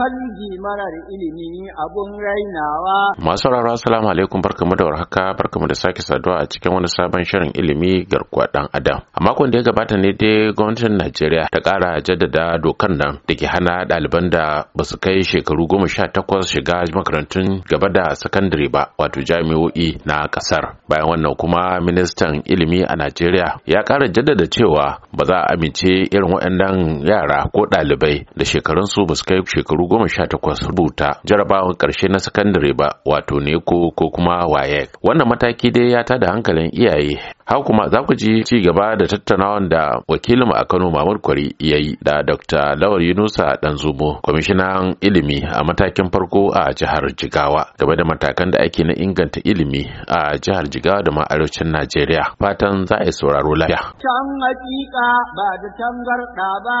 kanji da ilimi abun rainawa. Masu sauraro assalamu alaikum barkamu da warhaka barkamu da sake saduwa a cikin wani sabon shirin ilimi garkuwa dan adam. A makon da ya gabata ne dai gwamnatin Najeriya ta kara jaddada dokar nan da ke hana ɗaliban da ba su kai shekaru goma sha takwas shiga makarantun gaba da sakandare ba wato jami'o'i na ƙasar. Bayan wannan kuma ministan ilimi a Najeriya ya kara jaddada cewa ba za a amince irin waɗannan yara ko ɗalibai da shekarunsu ba su kai shekaru goma sha takwas rubuta jarabawar ƙarshe na sakandare ba wato neko ko kuma wayek wannan mataki dai ya tada hankalin iyaye haka kuma za ku ji ci gaba da tattaunawan da wakilinmu a Kano Mahmud Kwari ya yi da Dr. Lawal Yunusa Danzubo, kwamishinan ilimi a matakin farko a jihar Jigawa game da matakan da ake na inganta ilimi a jihar Jigawa da ma arewacin Najeriya. Fatan za a yi sauraro lafiya. Can hakika ba da tangarɗa ba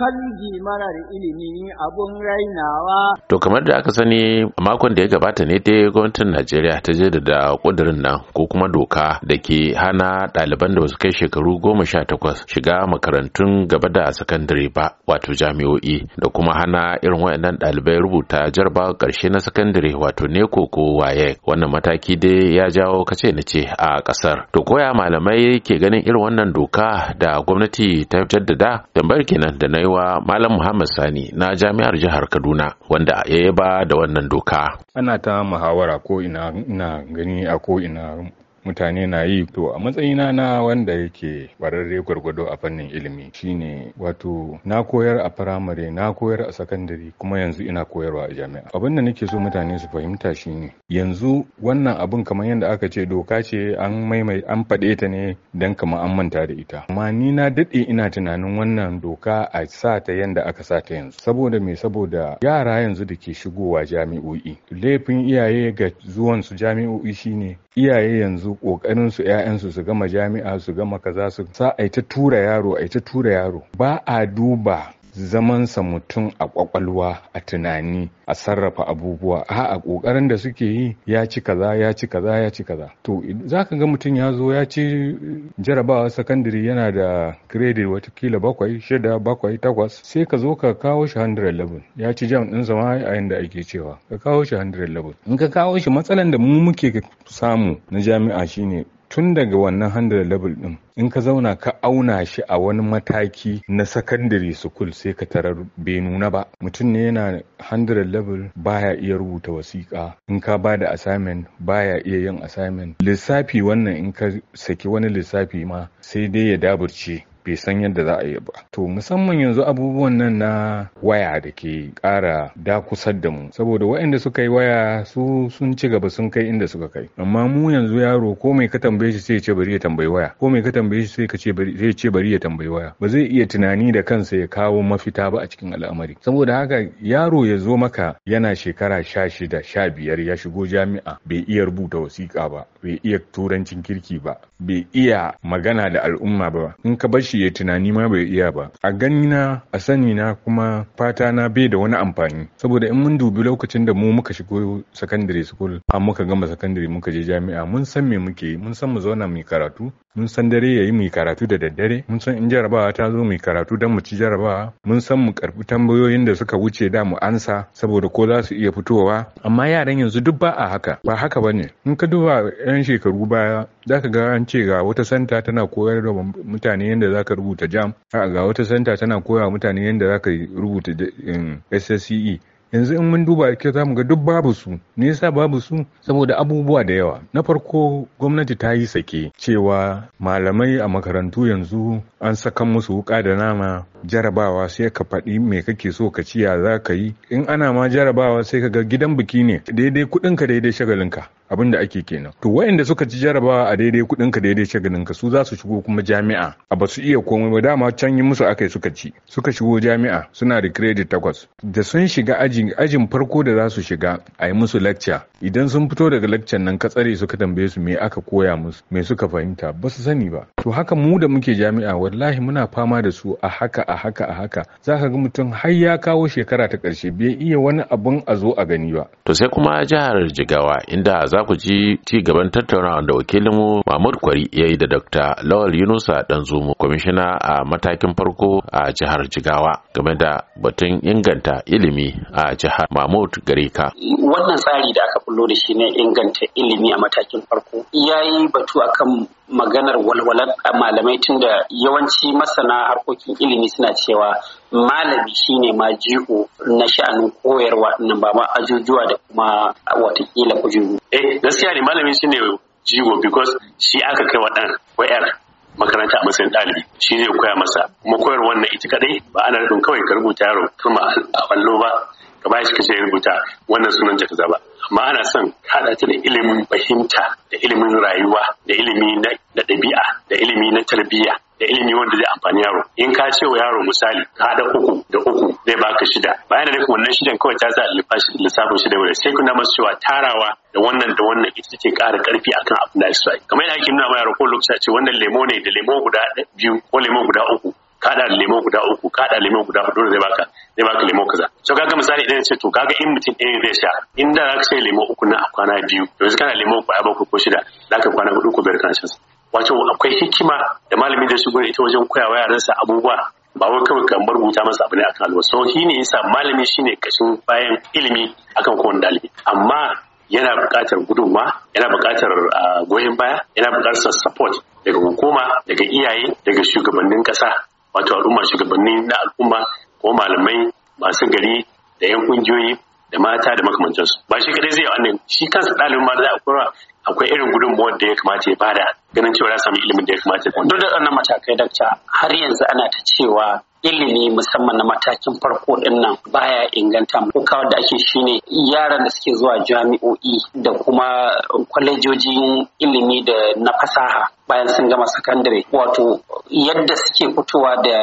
kalji mana da ilimi abun rainawa. To kamar da aka sani makon da ya gabata ne dai gwamnatin Najeriya ta je da kudirin nan ko kuma doka da ke hana ɗaliban da basu kai shekaru goma sha takwas shiga makarantun gaba da sakandare ba wato jami'o'i da kuma hana irin waɗannan ɗalibai rubuta jarba ƙarshe na sakandare wato neko ko waye wannan mataki dai ya jawo kace na ce a ƙasar. To koya malamai ke ganin irin wannan doka da gwamnati ta jaddada tambayar kenan da na wa Malam Muhammad Sani na Jami'ar Jihar Kaduna wanda ya yaba da wannan doka. Ana ta muhawara ko ina gani a ko ina mutane na yi to a matsayina na wanda yake bararre gwargwado a fannin ilimi shine wato na koyar a firamare na koyar a sakandare kuma yanzu ina koyarwa a jami'a abin da nake so mutane su fahimta shine yanzu wannan abun kamar yadda aka ce doka ce an maimai an faɗe ta ne dan kamar an manta da ita amma ni na daɗe ina tunanin wannan doka a sa ta yadda aka sa ta yanzu saboda me saboda yara yanzu da ke shigowa jami'o'i laifin iyaye ga zuwan su jami'o'i shine iyaye yanzu kokarin su ƴaƴansu su gama jami'a su gama kaza su sa a ta tura yaro a ta tura yaro ba a duba Zaman sa mutum a ƙwaƙwalwa, a tunani a sarrafa abubuwa a'a ƙoƙarin da suke yi ya ci kaza ya ci kaza ya ci kaza to za ka ga mutum ya zo ya ci jarabawa sakandare yana da credit watakila bakwai shida bakwai takwas sai ka zo ka kawo shi 111 ya ci jam din zama a yanda ake cewa ka kawo shi 111 in ka kawo shi matsalan da mu muke samu na jami'a shine tun daga wannan 100 level din in ka zauna ka auna shi a wani mataki na secondary school sai ka tarar bai nuna ba mutum ne yana 100 level baya iya rubuta wasiƙa in ka ba da assignment baya iya yin assignment lissafi wannan in ka saki wani lissafi ma sai dai ya daburce bai san yadda za a yi ba to musamman yanzu abubuwan nan na waya da ke ƙara dakusar da mu saboda waɗanda suka yi waya su sun ci gaba sun kai inda suka kai amma mu yanzu yaro ko mai ka tambaye shi sai ya ce bari ya tambayi waya ko mai ka tambaye shi sai ya bari ya tambayi waya ba zai iya tunani da kansa ya kawo mafita ba a cikin al'amari saboda haka yaro ya zo maka yana shekara sha shida sha biyar ya shigo jami'a bai iya rubuta wasiƙa ba bai iya turancin kirki ba bai iya magana da al'umma ba in ka bar shi shi ya tunani ma bai iya ba a gani na a sani na kuma fata na bai da wani amfani saboda in mun dubi lokacin da mu muka shigo sakandare school a muka gama sakandare muka je jami'a mun san me muke mun san mu zauna mu karatu mun san dare yayi mu karatu da daddare mun san in jarabawa ta zo mu karatu dan mu ci jarabawa mun san mu karbi tambayoyin da suka wuce da mu ansa saboda ko za su iya fitowa amma yaran yanzu duk ba a haka ba haka bane in ka duba yan shekaru baya za ka ga an ce ga wata santa tana koyar da mutane yadda za ka rubuta jam ga wata santa tana koya mutane yadda za ka rubuta um, sse yanzu in mun duba ake za mu ga duk babu su ne yasa babu su saboda abubuwa da yawa na farko gwamnati ta yi sake cewa malamai a makarantu yanzu an saka musu wuka da nama jarabawa sai ka faɗi me kake so ka ciya za ka yi in ana ma jarabawa sai ka ga gidan biki ne daidai kuɗinka daidai shagalinka abin da ake kenan to wayanda suka ci jarabawa a daidai kuɗinka daidai shagalinka su za su shigo kuma jami'a a ba su iya komai ba dama can yi musu yi suka ci suka shigo jami'a suna da credit takwas da sun shiga ajin ajin farko da za su shiga a yi musu lecture idan sun fito daga lecture nan ka tsare suka tambaye su me aka koya musu me suka fahimta ba su sani ba to haka mu da muke jami'a wallahi muna fama da su a haka a haka a haka za ka ga mutum har ya kawo shekara ta ƙarshe bai iya wani abun a zo a gani ba. To sai kuma jihar Jigawa inda za ku ji ci gaban tattaunawa da wakilinmu Mahmud Kwari ya yi da Dr. Lawal Yunusa Danzumu kwamishina a matakin farko a jihar Jigawa game da batun inganta ilimi a jihar Mahmud Gareka. Wannan tsari da aka bullo da shi ne inganta ilimi a matakin farko ya yi batu akan maganar walwalar malamai tunda yawanci masana harkokin ilimi suna cewa malami shine ma jiho na sha'anin koyarwa na ba ma ajujuwa da kuma watakila kujeru. Eh gaskiya ne malami shine jigo because shi aka kai wa ɗan wa'yar makaranta a matsayin ɗalibi shi zai koya masa kuma koyarwa na ita kadai ba ana nufin kawai ka rubuta yaro kuma a ballo ba ka bashi ka sai rubuta wannan sunan ta zaba, amma ana son haɗa ta da ilimin fahimta da ilimin rayuwa da ilimi na ɗabi'a da ilimi na tarbiyya da ilimi wanda zai amfani yaro in ka ce wa yaro misali ka da uku da uku zai baka shida bayan da wannan shidan kawai ta sa lissafin shida wanda sai kuna masu cewa tarawa da wannan da wannan ita take ƙara ƙarfi akan abin da su kamar yadda ake nuna ma yaro ko lokaci ce wannan lemo ne da lemo guda biyu ko lemo guda uku kada lemon guda uku kada lemon guda hudu zai baka zai baka lemon kaza so kaga misali idan ce to kaga in mutum ɗaya zai sha in da zaka sai lemon uku na a kwana biyu yanzu kana lemon kwaya bakwai ko shida zaka kwana hudu ko biyar kana shan wato akwai hikima da malamin da gure ita wajen koya koyawa yaransa abubuwa ba wai kawai kan bar rubuta masa abu ne akan alwa so shi ne yasa malami shine kashin bayan ilimi akan kowane dalibi amma yana buƙatar gudunma yana buƙatar goyon baya yana buƙatar support daga hukuma daga iyaye daga shugabannin ƙasa wato al'umma shugabanni na al'umma ko malamai masu gari da yan kungiyoyi da mata da makamantansu ba shi kadai zai wannan shi kansa ɗalibin ma za a kura akwai irin gudunmuwar da ya kamata ya bada ganin cewa ya samu ilimin da ya kamata duk da wannan matakai dakta har yanzu ana ta cewa ilimi musamman na matakin farko din nan baya inganta mu kawo da ake shine yaran da suke zuwa jami'o'i da kuma kwalejojin ilimi da na fasaha bayan sun gama sakandare wato yadda suke fitowa da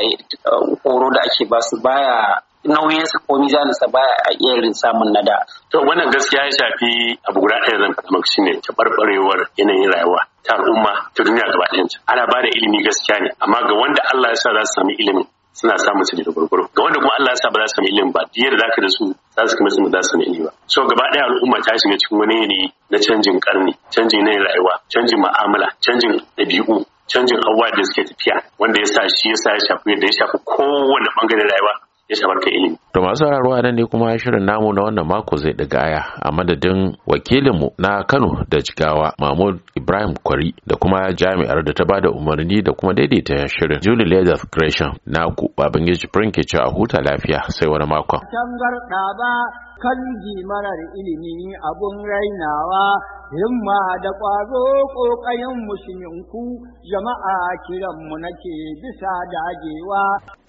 uh, horo da ake basu baya nauyin sa ko mizaninsa baya a iya irin samun nada. To wannan gaskiya ya shafi abu guda ɗaya zan faɗa maka shine taɓarɓarewar yanayin rayuwa ta al'umma ta duniya gaba Ana ba da ilimi gaskiya ne amma ga wanda Allah ya sa za su sami ilimin suna samun su ne da gurguru ga wanda kuma Allah ya sa ba za su sami ilimi ba da zaka da su za su kuma su za su sami ilimi ba so gaba ɗaya al'umma ta shiga cikin wani yanayi na canjin karni canjin na rayuwa canjin mu'amala canjin ɗabi'u canjin abubuwa da suke tafiya wanda ya sa shi ya sa ya shafi yadda ya shafi kowane bangaren rayuwa ya samar ilimi. To masu sauraro a nan ne kuma shirin namu na wannan mako zai ɗaga aya a madadin wakilinmu na Kano da Jigawa Mahmud Ibrahim Kwari da kuma jami'ar da ta bada umarni da kuma daidaita shirin Julie Leather Gresham na ku Babangiji Prince ce a huta lafiya sai wani makon. Tangarɗa ba kan marar ilimi abun rainawa himma da ƙwazo ƙoƙayen musulminku jama'a kiranmu nake bisa dagewa.